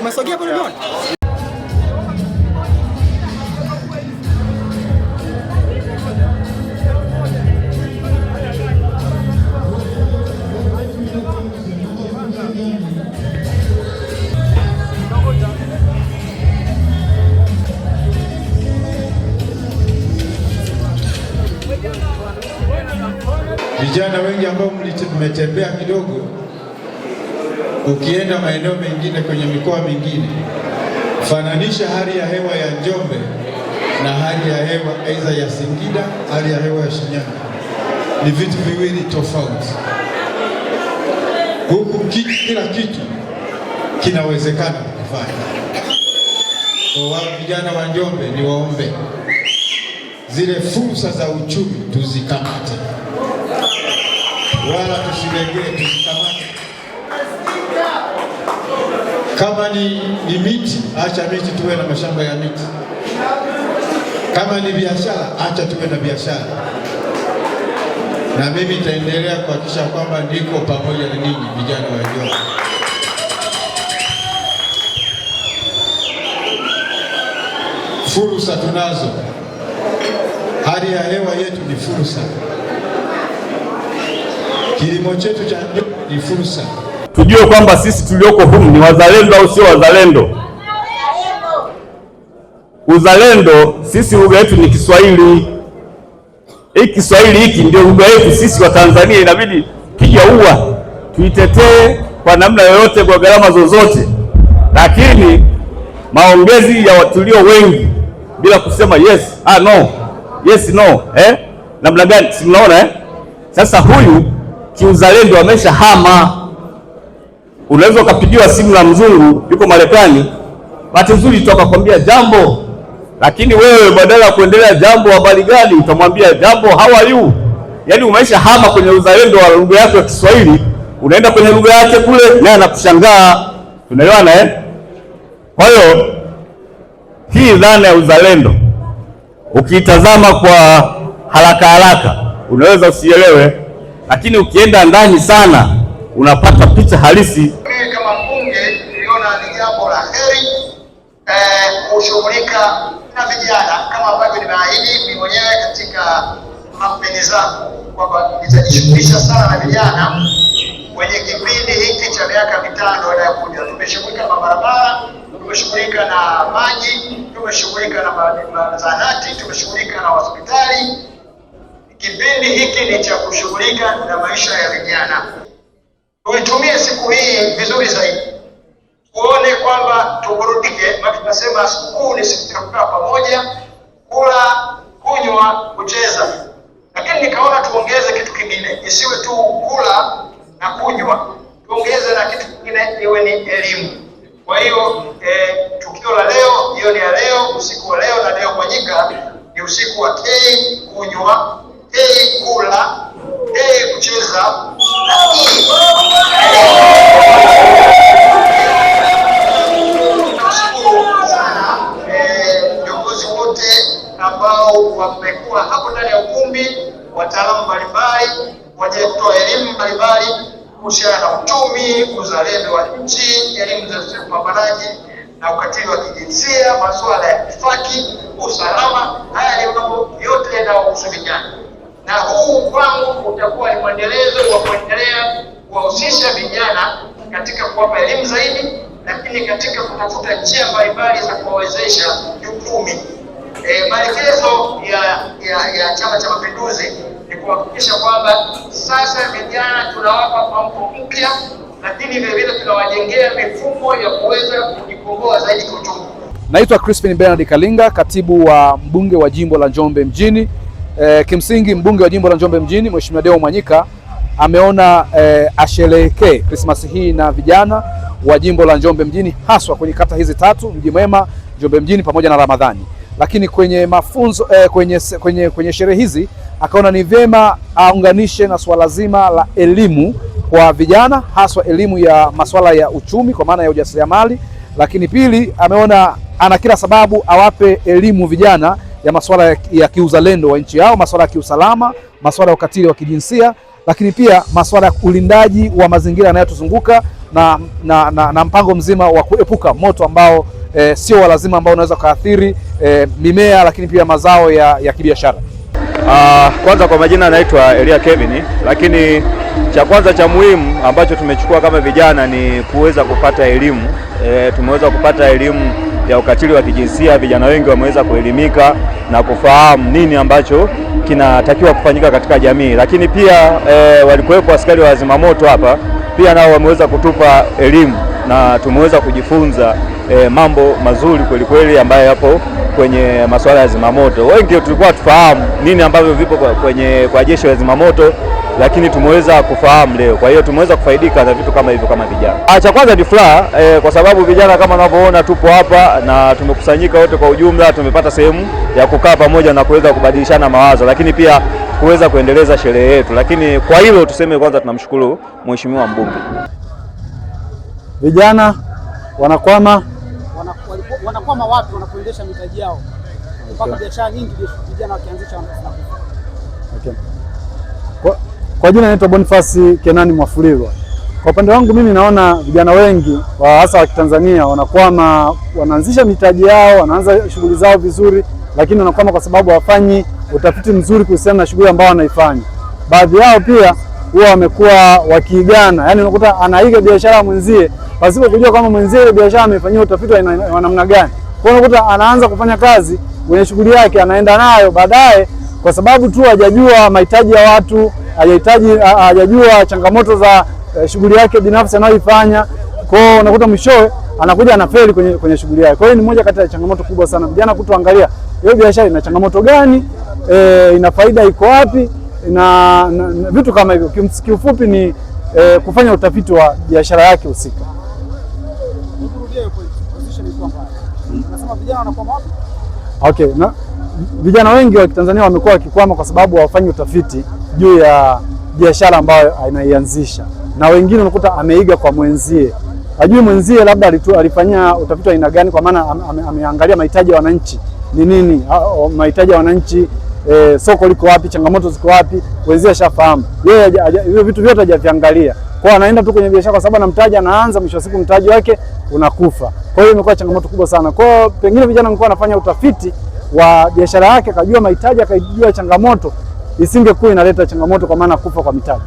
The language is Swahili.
Umesogea pale Vijana wengi ambao mlitembea kidogo Ukienda maeneo mengine kwenye mikoa mingine, fananisha hali ya hewa ya Njombe na hali ya hewa aidha ya Singida, hali ya hewa ya Shinyanga, ni vitu viwili tofauti. Huku kila kitu kinawezekana kufanya. Kwa wale vijana wa Njombe, ni waombe zile fursa za uchumi tuzikamate, wala tusilegee, tuzikamate Kama ni, ni miti, acha miti, tuwe na mashamba ya miti. Kama ni biashara, acha tuwe na biashara. Na mimi nitaendelea kuhakikisha kwamba niko pamoja na ninyi vijana wa Njombe. Fursa tunazo, hali ya hewa yetu ni fursa, kilimo chetu cha Njombe ni fursa tujue kwamba sisi tulioko humu ni wazalendo au sio wazalendo? Uzalendo sisi lugha yetu ni Kiswahili. Hii Kiswahili hiki ndio lugha yetu sisi wa Tanzania, inabidi piga ua tuitetee kwa namna yoyote, kwa gharama zozote, lakini maongezi ya watulio wengi bila kusema yes, ah, no, yes, no, eh, namna gani? Si mnaona eh? Sasa huyu kiuzalendo ameshahama Unaweza ukapigiwa simu na mzungu yuko Marekani, bahati nzuri tutakwambia jambo, lakini wewe badala ya kuendelea jambo, habari gani, utamwambia jambo, how are you? Yaani umeisha hama kwenye uzalendo wa lugha yako ya Kiswahili, unaenda kwenye lugha yake kule, naye anakushangaa. Tunaelewana eh? Kwa hiyo hii dhana ya uzalendo ukiitazama kwa haraka haraka unaweza usielewe, lakini ukienda ndani sana unapata picha halisi. Mimi kama mbunge niliona ni jambo la heri eh, kushughulika na vijana kama ambavyo nimeahidi mimi mwenyewe katika kampeni zangu kwamba nitajishughulisha sana na vijana kwenye kipindi hiki cha miaka mitano inayokuja. Tumeshughulika na barabara, tumeshughulika na maji, tumeshughulika na zahanati, tumeshughulika na hospitali. Kipindi hiki ni cha kushughulika na maisha ya vijana tuitumie siku hii vizuri zaidi, tuone kwamba tuburudike. Maana tunasema sikukuu ni siku ya kukaa pamoja, kula, kunywa, kucheza, lakini nikaona tuongeze kitu kingine, isiwe tu kula na kunywa, tuongeze na kitu kingine, iwe ni elimu. Kwa hiyo eh, tukio la leo, jioni ya leo, usiku wa leo na leo fanyika ni usiku wa tei kunywa, tei kula, tei kucheza viongozi wote ambao wamekuwa hapo ndani ya ukumbi, wataalamu mbalimbali wajatoa elimu mbalimbali kuhusiana na uchumi, uzalendo wa nchi, elimu za mapambanaji na ukatili wa kijinsia, masuala ya itifaki, usalama. Haya ni mambo yote yanayohusu vijana na huu kwangu utakuwa ni mwendelezo wa kuendelea kuwahusisha vijana katika kuwapa elimu zaidi, lakini katika kutafuta njia mbalimbali za kuwawezesha kiuchumi. E, maelekezo ya, ya, ya Chama cha Mapinduzi ni kuhakikisha kwamba sasa vijana tunawapa mambo mpya, lakini vilevile tunawajengea mifumo ya kuweza kujikomboa zaidi kiuchumi. Naitwa Crispin Bernard Kalinga, katibu wa mbunge wa jimbo la Njombe mjini. E, kimsingi mbunge wa jimbo la Njombe mjini Mheshimiwa Deo Mwanyika ameona e, eh, asherehekee Krismasi hii na vijana wa jimbo la Njombe mjini haswa kwenye kata hizi tatu Mji Mwema, Njombe mjini pamoja na Ramadhani. Lakini kwenye mafunzo e, kwenye, kwenye, kwenye sherehe hizi akaona ni vyema aunganishe na swala zima la elimu kwa vijana haswa elimu ya masuala ya uchumi kwa maana ya ujasiriamali, lakini pili ameona ana kila sababu awape elimu vijana ya masuala ya kiuzalendo wa nchi yao, masuala ya kiusalama, masuala ya ukatili wa kijinsia, lakini pia masuala ya ulindaji wa mazingira yanayotuzunguka na, na, na, na mpango mzima wa kuepuka moto ambao e, sio wa lazima ambao unaweza ukaathiri e, mimea lakini pia mazao ya, ya kibiashara. Uh, kwanza kwa majina anaitwa Elia Kevin, lakini cha kwanza cha muhimu ambacho tumechukua kama vijana ni kuweza kupata elimu e, tumeweza kupata elimu ya ukatili wa kijinsia, vijana wengi wameweza kuelimika na kufahamu nini ambacho kinatakiwa kufanyika katika jamii. Lakini pia e, walikuwepo askari wa zimamoto hapa pia nao wameweza kutupa elimu na tumeweza kujifunza e, mambo mazuri kweli kweli ambayo yapo kwenye masuala ya zimamoto. Wengi tulikuwa tufahamu nini ambavyo vipo kwenye kwa jeshi la zimamoto lakini tumeweza kufahamu leo. Kwa hiyo tumeweza kufaidika na vitu kama hivyo kama vijana. Ah, cha kwanza ni furaha eh, kwa sababu vijana kama unavyoona tupo hapa na tumekusanyika wote kwa ujumla, tumepata sehemu ya kukaa pamoja na kuweza kubadilishana mawazo, lakini pia kuweza kuendeleza sherehe yetu. Lakini kwa hilo tuseme kwanza tunamshukuru Mheshimiwa Mbunge. Vijana wanakwama wanakwama wapi wanapoendesha mitaji yao mpaka Biashara nyingi vijana wakianzisha wanakufa. Okay. Kwa kwa jina naitwa Bonifasi Kenani Mwafulilwa. Kwa upande wangu mimi naona vijana wengi hasa wa Kitanzania wanakwama, wanaanzisha mitaji yao, wanaanza shughuli zao vizuri, lakini wanakwama kwa sababu hawafanyi utafiti mzuri kuhusiana na shughuli ambayo wanaifanya. Baadhi yao pia huwa wamekuwa wakiigana, yani unakuta anaiga biashara mwenzie pasipo kujua kama mwenzie ile biashara amefanyia utafiti wa namna gani. Kwa hiyo unakuta anaanza kufanya kazi kwenye shughuli yake, anaenda nayo baadaye, kwa sababu tu hajajua mahitaji ya watu hajahitaji hajajua changamoto za eh, shughuli yake binafsi anayoifanya. Kwa hiyo unakuta mwishowe anakuja anafeli kwenye, kwenye shughuli yake. Kwa hiyo ni moja kati ya changamoto kubwa sana vijana kutoangalia hiyo biashara ina changamoto gani, eh, ina faida iko wapi na, na, na vitu kama hivyo. Kiufupi ni eh, kufanya utafiti wa biashara yake husika. Okay, na vijana wengi wa Tanzania wamekuwa wakikwama kwa sababu hawafanyi utafiti juu ya biashara ambayo anaianzisha, na wengine unakuta ameiga kwa mwenzie, ajui mwenzie labda alifanyia utafiti wa aina gani, kwa maana ameangalia mahitaji ya wananchi ni nini, mahitaji ya wananchi e, soko liko wapi, changamoto ziko wapi, wenzie ashafahamu, yeye hivyo vitu vyote hajaviangalia kwa anaenda tu kwenye biashara kwa sababu anamtaji anaanza, mwisho wa siku mtaji wake unakufa. Kwa hiyo imekuwa changamoto kubwa sana. Kwa hiyo pengine vijana mlikuwa wanafanya utafiti wa biashara yake, akajua mahitaji, akajua changamoto, isingekuwa inaleta changamoto kwa maana kufa kwa mitaji.